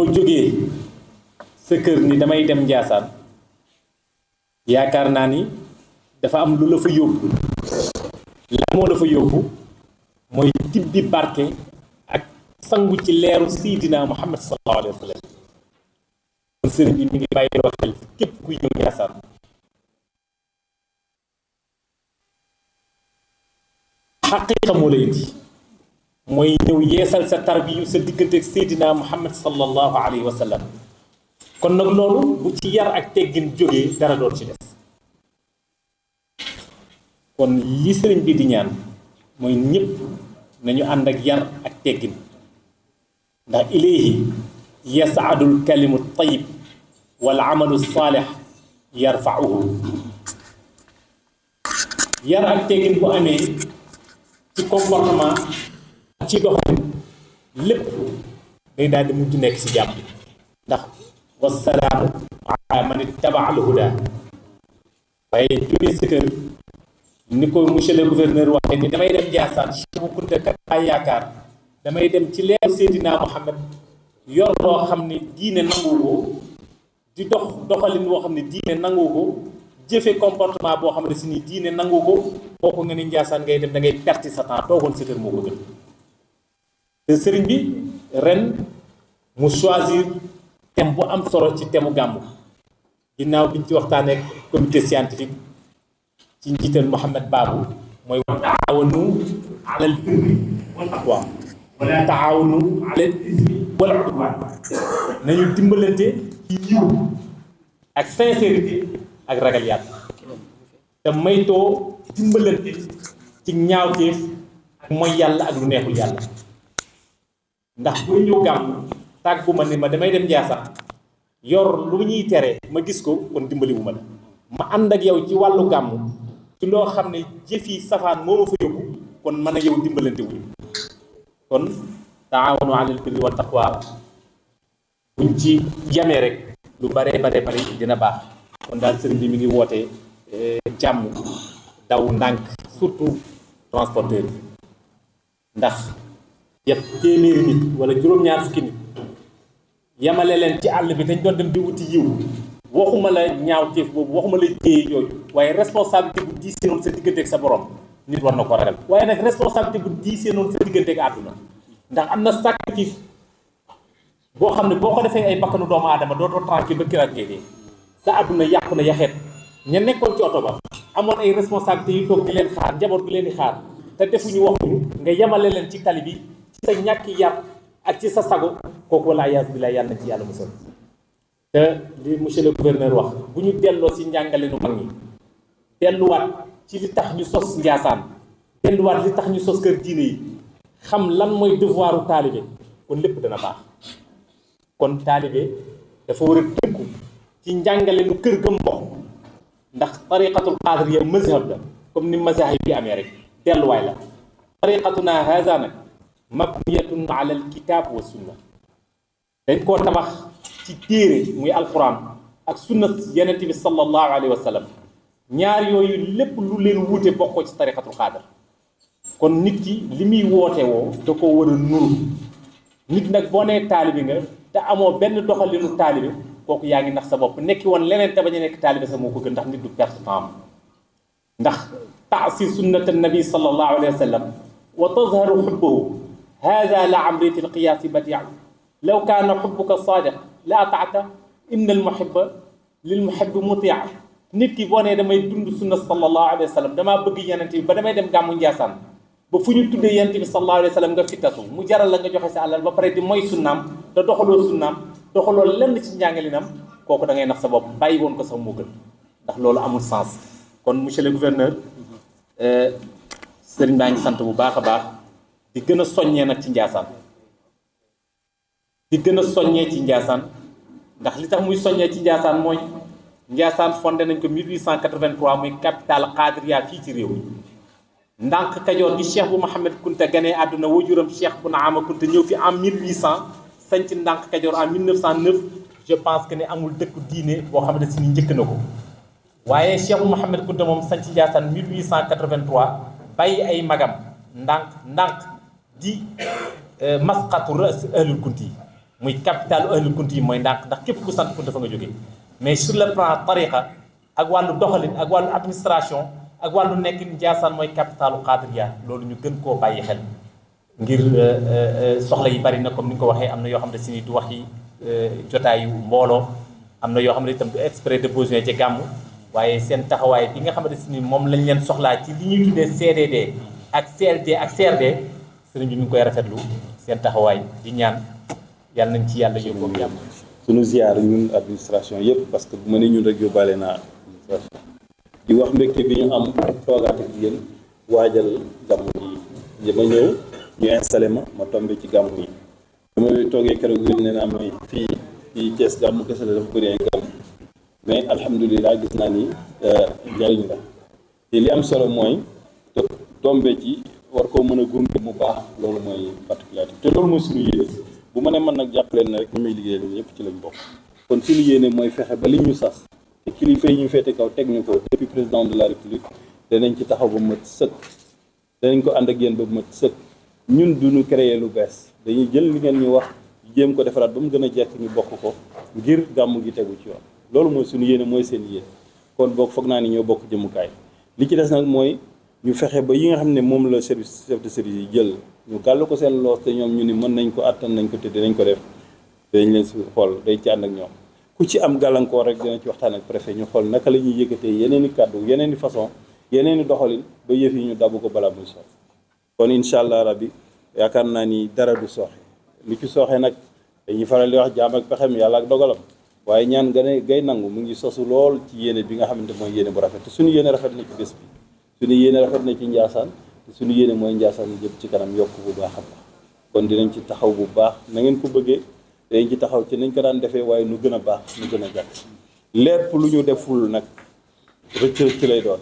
boo jógee sa kër ni damay dem Njaasaan yaakaar naa ni dafa am lu la fa yóbbu la moo la fa yóbbu mooy tibbi barke ak sangu ci leeru Seydina Muhammad sallallahu alayhi wa sallam kon sëriñ bi mi ngi bàyyi loo xel képp kuy ñëw Njaasaan xaqiqa moo lay moy ñëw yeesal sa tarbiyu sa digënté ak sayidina Muhammad sallallahu alayhi wa sallam kon nak lolu bu ci yar ak teggin joggé dara do ci des kon li sëriñ bi di ñaan moy ñëpp nañu ànd ak yar ak teggin ndax ilayhi yas'adu al kalimu at-tayyib wal amalu as-salih yarfauhu yar ak teggin bu amé ci comportement ci doxalin lépp day daal di mujj nekk si jàmm ndax wasalaamu ma man ittaba al huda waaye jógee sa ni ko monsieur le gouverneur waxee ni damay dem Ndiassane Cheikh Kounta kat ay yaakaar damay dem ci leeru Seydina Mohamed yor loo xam ne diine nangu ko di dox doxalin boo xam ne diine nangu ko jëfe comportement boo xam ne si ni diine nangu ko kooku nga ne Ndiassane ngay dem da ngay perte sa temps toogoon sa kër moo ko gën te sëriñ bi ren mu choisir thème bu am solo ci temu mu gàmmu ginnaaw bi ci waxtaanee ak comité scientifique ci njiital Mouhamed Babou mooy wa taawanu alal birri wal ak sincérité ak ragal yàlla te maytoo dimbalante yàlla ak lu neexul yàlla ndax buy ñu gàmm tàggu ma ni ma damay dem njaasaan yor lu ñuy tere ma gis ko kon dimbaliwu ma la ma ànd ak yow ci wàllu gàmm ci loo xam ne jëf yi safaan moo fa yóbbu kon man ak yow dimbalante wuñu kon taawanu alal birri wa taqwa buñ ci jamee rek lu bare bare bare dina baax kon daal sëriñ bi mi ngi woote eh, jàmm daw ndànk surtout transporteur bi ndax yépp téeméeri nit wala juróom-ñaar fukki nit yamale leen ci àll bi dañ doon dem di wuti yiw waxuma la ñaaw téef boobu waxuma la jéey yooyu waaye responsabilité bu diisee noonu sa diggante ak sa borom nit war na ko ragal waaye nag responsabilité bu diisee noonu sa diggante ak àdduna ndax am na sacrifice boo xam ne boo ko defee ay bakkanu doomu aadama dootoo tranquille ba kiraat ngay dee sa àdduna yàqu na yaxeet ña nekkoon ci oto ba amoon ay responsabilité yu toog di leen xaar njaboot bi leen di xaar te defuñu waxuñu nga yemale leen ci tali bi sa ñàkk yar ak ci sa sago kooku wala ayaas billaay yàlla na ci yàlla musal te li monsieur le gouverneur wax bu ñu delloo si njàngale nu mag ñi delluwaat ci li tax ñu sos njaasaan delluwaat li tax ñu sos kër diine yi xam lan mooy devoiru taalibe kon lépp dana baax kon taalibe dafa war a tënku ci njàngale nu kër gëm bokk ndax tariqatul qaadiriya mazhab la comme ni mazahib yi amee rek delluwaay la tariqatuna haza nag mabniyatun ala alkitab wa sunna dañ koo tabax ci téere muy alquran ak sunna yenente bi sallallahu alayhi sallam ñaar yooyu lépp lu leen wuute bokkoo ci tarixatul xaadar kon nit ki li muy woote woo da koo war a nuru nit nag boo nee taalibi nga te amoo benn doxalinu taalibi kooku yaa nax sa bopp nekki woon leneen te bañ a nekk sa moo gën ndax nit du perte temps ndax taasi sunnata nabi sallallahu alayhi wa sallam wa tazharu xubbahu هذا لعمري في القياس بديع لو كان حبك صادق لا أطعت إن المحب للمحب مطيع نيت كي بوني دا ماي دوند سنة صلى الله عليه وسلم دا ما بغ يانتي با دا ماي دم غامو نياسان في فونو تودي يانتي صلى الله عليه وسلم دا فيتاسو مو جارال لا جوخي سي الله با بري دي موي سنام دا دوخلو سنام دوخلو لن سي نيانغالينام كوكو دا غاي ناخ سا بوب باي وون كو سا موغل دا لولو امول سانس كون مونسيور لي غوفرنور euh serigne bañ sante bu baakha baax di gën a soññee nag ci njaasaan di gën a soññee ci njaasaan ndax li tax muy soññee ci njaasaan mooy njaasaan fondé nañ ko 1883 muy capitale xaadiriya fii ci réew mi ndànk kajoor gi cheikh bu Mouhamed Kunta ganee àdduna wajuram cheikh bu Naama Kunta ñëw fi en 1800 sañ ci ndànk kajoor en 1909 je pense que ne amul dëkk diine boo xam ne si ni njëkk na ko waaye cheikh bu Mouhamed Kunta moom sañ ci njaasaan 1883 bàyyi ay magam ndànk ndànk di euh, masqatu ras ahlul kunti yi muy capitalu ahlul kunti yi mooy ndànk ndax képp ku sant kunta fa nga jógee mais sur le plan tariqa ak wàllu doxalin ak wàllu administration ak wàllu nekkin Njaasaan mooy capitalu Qaadiriya loolu ñu gën koo bàyyi xel ngir euh, euh, soxla yi bari na comme ni nga ko waxee am na yoo xam ne si nii du wax yi jotaayu mbooloo am na yoo xam ne itam du exprès de besoin ci gàmmu waaye seen taxawaay bi nga xamante si ni moom lañ leen soxlaa ci li ñuy tuddee ak CLD ak CRD sëriñ bi mi ngi koy rafetlu seen taxawaay di ñaan yàlla nañ ci yàlla yóbbu ak jàmm. suñu ziar ñun administration yëpp parce que bu ma ne ñun rek yóbbaale naa di wax mbégte bi ñu am toogaat ak yéen waajal gàmmu yi ma ñëw ñu installé ma ma tombé ci gàmmu yi dama toogee keroog yéen nee naa may fii fii Thiès kese la dafa bëri ay gàmmu mais alhamdulilah gis naa ni euh, njariñ la te li am solo mooy tombé ci war koo mën a mu baax loolu mooy particularité te loolu mooy suñu yéene bu ma ne man nag jàpp leen ne rek ñu may liggéeyal ñëpp ci lañ bokk kon suñu yéene mooy fexe ba li ñu sas kilifa yi ñu féete kaw teg ko depuis président de la république danañ ci taxaw ba mët danañ ko ànd ak yéen ba mët sëkk ñun duñu créer lu bees dañuy jël li ngeen ñu wax jéem ko defaraat ba mu gën a jekk ñu bokk ko ngir gàmm gi tegu ci yoon loolu mooy suñu yéene mooy seen yéene kon boog foog naa ne ñoo bokk jëmukaay li ci des nag mooy ñu fexe ba yi nga xam ne moom la service chef de service yi jël ñu gàll ko seen loos te ñoom ñu ni mën nañ ko àttan nañ ko te nañ ko def dañ leen si xool day ci ànd ak ñoom ku ci am gàllankoor rek dina ci waxtaan ak préfet ñu xool naka la ñuy yëkkatee yeneen i kàddu yeneen i façon yeneen doxalin ba yëf yi ñu dabu ko balaa muy soxla kon incha allah rabbi yaakaar naa ni dara du sooxe li ci sooxee nag dañuy faral di wax jaam ak pexem yàlla ak dogalam waaye ñaan gane gay nangu mu ngi sosu lool ci yéene bi nga xamante mooy yéene bu rafet te suñu yéene rafet na ci bi suñu yéene rafet na ci njaasaan te suñu yéene mooy njaasaan yi jëm ci kanam yokk bu baax a baax kon dinañ ci taxaw bu baax na ngeen ko bëggee dinañ ci taxaw ci nañ ko daan defee waaye nu gën a baax nu gën a jàpp lépp lu ñu deful nag rëcc rëcc lay doon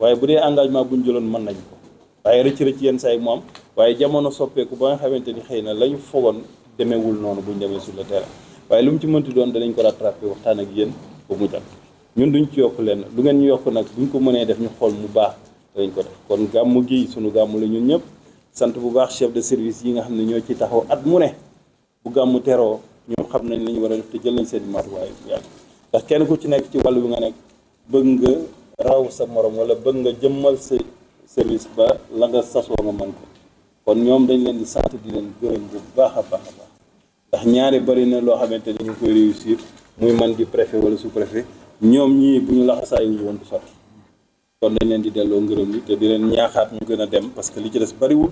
waaye bu dee engagement bu ñu jëloon mën nañ ko waaye rëcc rëcc yenn saa yi moom waaye jamono soppeeku ba nga xamante ni xëy na lañu ñu fogoon demeewul noonu bu ñu demee sur le waaye lu mu ci mënti doon danañ ko rattrapé waxtaan ak yéen ba mu jàpp ñun duñ ci yokk leen lu ngeen ñu yokk nag buñ ko mënee def ñu xool mu baax dañ ko def kon gàmmu gi suñu gàmmu la ñun ñëpp sant bu baax chef de service yi nga xam ne ñoo ci taxaw at mu ne bu gàmmu teroo ñu xam nañ lañu war a def te jël nañ seen matuwaay yàgg ndax kenn ku ci nekk ci wàll wi nga nekk bëgg nga raw sa morom wala bëgg nga jëmmal sa service ba la nga sasoo nga mën ko kon ñoom dañ leen di sant di leen gërëm bu baax a baax a baax ndax ñaari bari na loo xamante ni ñu koy réussir muy man di préfet wala sous préfet ñoom ñii bu ñu laxasaayu woon du sotti kon dañ leen di delloo ngërëm li te di leen ñaaxaat ñu gën a dem parce que li ci des bariwul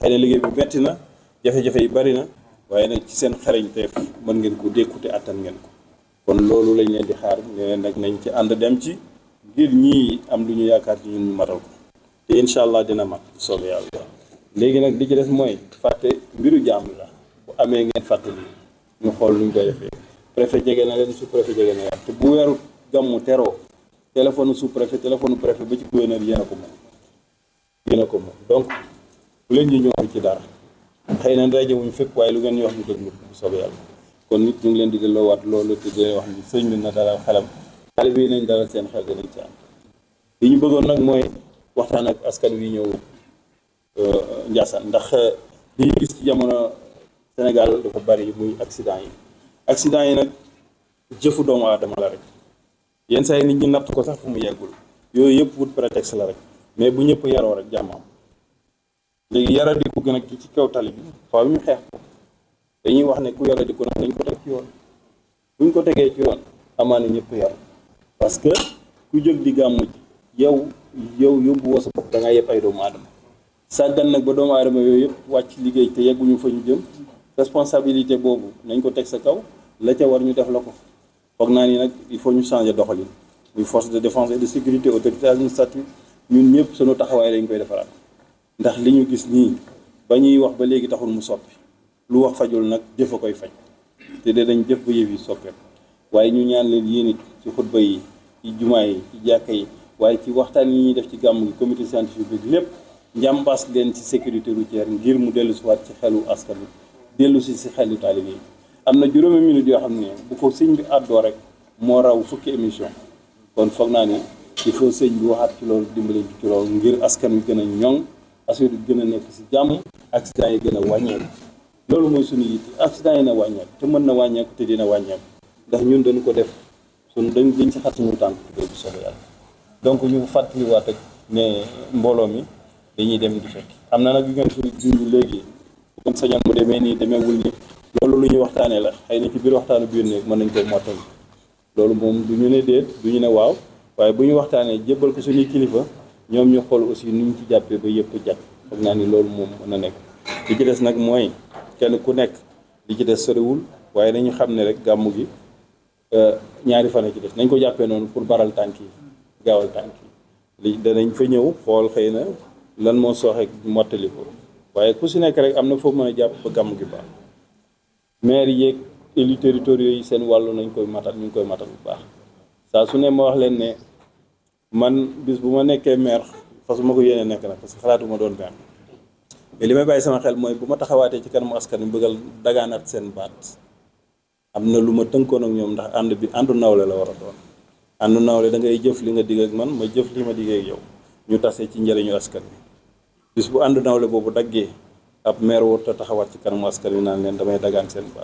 xëy na liggéey bi metti na jafe-jafe yi bari na waaye nag ci seen xarañteef mën ngeen ko dékku te attan ngeen ko kon loolu lañ leen di xaar ne leen nag nañ ci ànd dem ci ngir ñii am lu ñu yaakaar ci ñun ñu matal ko te incha allah dina mat soobee yàlla léegi nag li ci des mooy fàtte mbiru jaam la bu amee ngeen fàttali ñu xool luñ koy defee préfet jege na leen su préfet jege na leen te bu weeru gàmmu téléphone sous préfet téléphone préfet ba ci gouverneur yéen a ko moom yéen a ko moom donc bu leen ñu ñëw ci dara xëy na rajo wuñu fépp waaye lu ngeen ñu wax ñu déglu bu soobee yàlla kon nit ñu ngi leen di delloo waat loolu te dee wax ni sëñ bi na dalal xelam taalibe yi nañ dalal seen xel danañ ci am li ñu bëggoon nag mooy waxtaan ak askan wi ñëw euh, Ndiassane ndax euh, li ñu gis ci jamono Sénégal dafa bari muy accident yi accident yi nag jëfu doomu aadama la rek yenn saa yi nit ñi natt ko sax fu mu yeggul yooyu yëpp wut prétexte la rek mais bu ñëpp yaroo rek jàmm am léegi yaradiku gi nag ki ci kaw tali bi faaw ñu xeex ko dañuy wax ne ku yaradiku nag dañ ko teg ci yoon buñ ko tegee ci yoon amaana ñëpp yar parce que ku jóg di gàmmu ji yow yow yóbbu woo sa bopp da nga ay doomu aadama sàggan nag ba doomu aadama yooyu yëpp wàcc liggéey te yegguñu fa ñu jëm responsabilité boobu nañ ko teg sa kaw la ca war ñu def la ko foog naa ni nag il faut ñu changer doxalin muy force de défense et de sécurité autorité administrative ñun ñëpp sunu taxawaay lañ koy defaraat ndax li ñu gis nii ba ñuy wax ba léegi taxul mu soppi lu wax fajul nag jëf a koy faj te de dañ jëf ba yëf yi soppeeku waaye ñu ñaan leen yéen it ci xutba yi ci jumaa yi ci jàkka yi waaye ci waxtaan yi ñuy def ci gàmm gi comité scientifique bi lépp njàmbaas leen ci sécurité routière ngir mu dellu si waat ci xelu askan wi dellu si si xelu taalibe yi am na juróomi minute yoo xam ne bu ko sëñ bi àddoo rek moo raw fukki émission kon foog naa ne ci faut sëñ bi waxaat ci loolu dimbale ci loolu ngir askan wi gën a ñoŋ askan wi gën a nekk si jàmm accident yi gën a wàññeeku loolu mooy suñu yitte accident yi na wàññeeku te mën na wàññeeku te dina wàññeek ndax ñun dañu ko def suñ dañ liñ si xat suñu tànk bu soobee yàlla donc ñu fàttaliwaat ak ne mbooloo mi dañuy dem di fekk am na nag yu ngeen fi junj léegi kon sañoon mu demee nii demeewul nii loolu lu ñu waxtaanee la xëy na ci biir waxtaanu biir néeg mën nañ ko mottali loolu moom du ñu ne déet du ñu ne waaw waaye bu ñu waxtaanee jébbal ko suñuy kilifa ñoom ñu xool aussi nu ñu ci jàppee ba yëpp jàpp foog naa ni loolu moom mën na nekk li ci des nag mooy kenn ku nekk li ci des soriwul waaye nañu xam ne rek gàmmu gi euh, ñaari fan ci des nañ ko jàppee noonu pour baral tànk yi gaawal tànk yi li danañ fa ñëw xool xëy na lan moo sooxee mottali ko waaye ku si nekk rek am na foo mën a jàpp ba gàmmu gi baax maire yeeg élus territoriaux yi seen wàllu nañ koy matal ñu ngi koy matal bu baax saa su nee ma wax leen ne man bis bu ma nekkee maire fas ma ko yéene nekk nag parce que ma doon maire mais li ma bàyyi sama xel mooy bu ma taxawaatee ci kanamu askan mi bëggal dagaanaat seen baat am na lu ma tënkoon ak ñoom ndax ànd bi àndu nawle la war a doon àndu nawle da ngay jëf li nga digg man ma jëf li ma digg ak yow ñu tase ci njëriñu askan bi bis bu àndu nawle boobu daggee ab mer wor ta taxawat ci kanam askar yi nan len damay dagan sen ba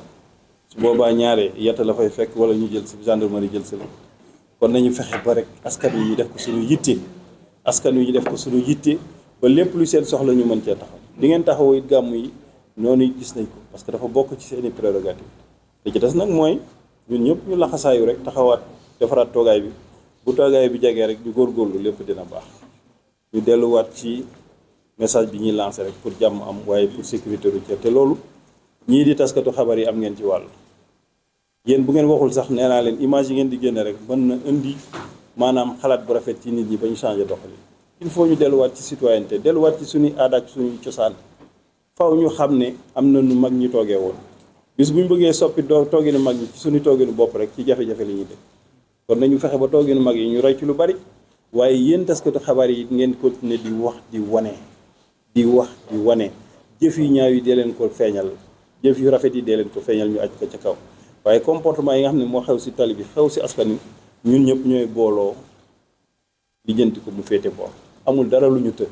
su boba ñaare yata la fay fekk wala ñu jël ci gendarmerie jël ci la kon nañu fexé ba rek askar yi def ko suñu yitté askan yi def ko suñu yitté ba lepp lu seen soxla ñu mën ci taxaw di ngeen taxaw yi gàmm yi nonu gis nañ ko parce que dafa bok ci seen i prérogative li ci des nak moy ñun ñëpp ñu laxasaayu rek taxawat defaraat togay bi bu togay bi jegee rek ñu góorgóorlu lepp dina bax ñu delu wat ci message bi ñi lancer rek pour jàmm am waaye pour sécurité ci té lolu ñi di taskatu xabar yi am ngeen ci walu yeen bu ngeen waxul sax nee leen image ngeen di génne rek ban na indi manam xalaat bu rafet ci nit ñi ba changer doxali il faut ñu wat ci citoyenneté wat ci suñu aada ak suñuy cosaan ñu xamné amna am mag ñi togué woon bis bu bëggé soppi do togué ñu mag ci suñu ñu bop rek ci jafé jafé li ñi def kon nañu fexé ba ñu mag yi ñu ray ci lu bari waye yeen taskatu xabar yi ngeen continuer di wax di wane di wax di wane jëf yu ñaaw yi dee leen ko feeñal jëf yu rafet yi dee leen ko feeñal ñu aj ko ca kaw waaye comportement yi nga xam ne moo xew si tali bi xew si askan wi ñun ñëpp ñooy booloo lijjanti ko mu féete boor amul dara lu ñu të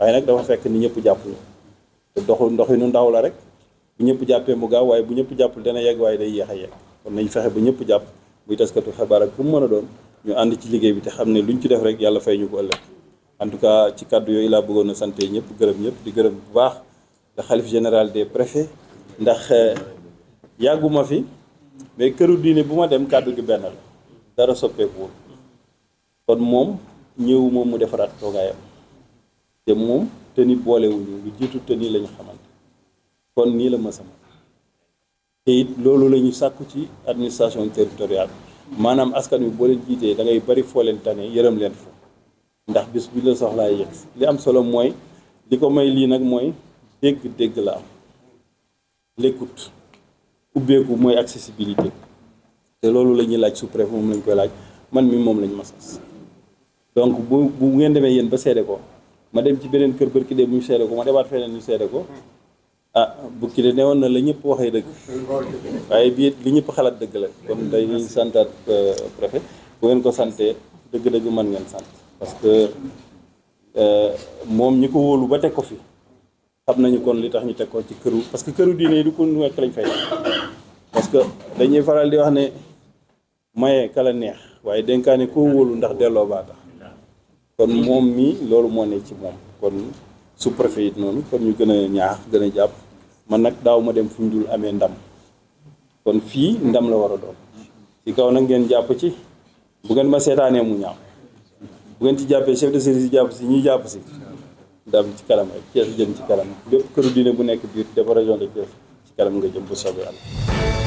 waaye nag dafa fekk ni ñëpp jàpp ñu te ndox yi nu ndaw la rek bu ñëpp jàppee mu gaaw waaye bu ñëpp jàpp dana yegg waaye day yéex a yegg kon nañ fexe ba ñëpp jàpp buy taskatu xabaar ak ku mu mën a doon ñu ànd ci liggéey bi te xam ne luñ ci def rek yàlla fay ñu en tout cas ci kàddu yooyu laa bëggoon a sant ñëpp gërëm ñëpp di gërëm bu baax la xalif général des préfets ndax euh, yàgguma fi mais këru diine bu ma dem kàddu gi benn la dara soppeekuwul kon moom ñëw moom mu defaraat toogaayam te moom te ni boolewuñu lu jiitu te lañu xamante kon nii la ma sama te it loolu la ñu sàkku ci administration territoriale maanaam askan wi boo jiitee da ngay bari foo leen tane yërëm leen foofu ndax bis bu la soxlaa yëg li am solo mooy li ko may lii nag mooy dégg-dégg la am l'écoute ubbeeku mooy accessibilité te loolu la ñuy laaj sous-préfet moom lañ koy laaj man mi moom lañ ma sas donc bu bu ngeen demee yéen ba seede ko ma dem ci beneen kër bërki dee bu ñu ko ma demaat feneen ñu seede ko ah bukki de ne woon na la ñëpp waxee dëgg waaye biit li ñëpp xalaat dëgg la kon dañuy santaat euh, préfet bu ngeen ko santee dëgg-dëgg mën ngeen sant parce que euh, mom ñi ko wóolu ba teg ko fi xam nañu kon li tax ñu teg ko ci këru parce que këru diiné du ko nekk lañ fay parce que dañuy faral di wax né mayé kala neex waye denkané ko wolu ndax délo ba tax kon mom mi lolu mo né ci mom kon sous préfet it kon ñu gëna ñaax gëna japp man nak daaw ma dem fu dul ndam kon fi ndam la wara a doon ci kaw nak ngeen japp ci bu gën ma sétané mu ñaaw bu ngeen ci jàppee chef de service yi jàpp si ñuy jàpp si daam ci kanam ak Thiès jëm ci kanam bépp këru diine bu nekk biir dafa région de ci kanam nga jëm bu soobee Yàlla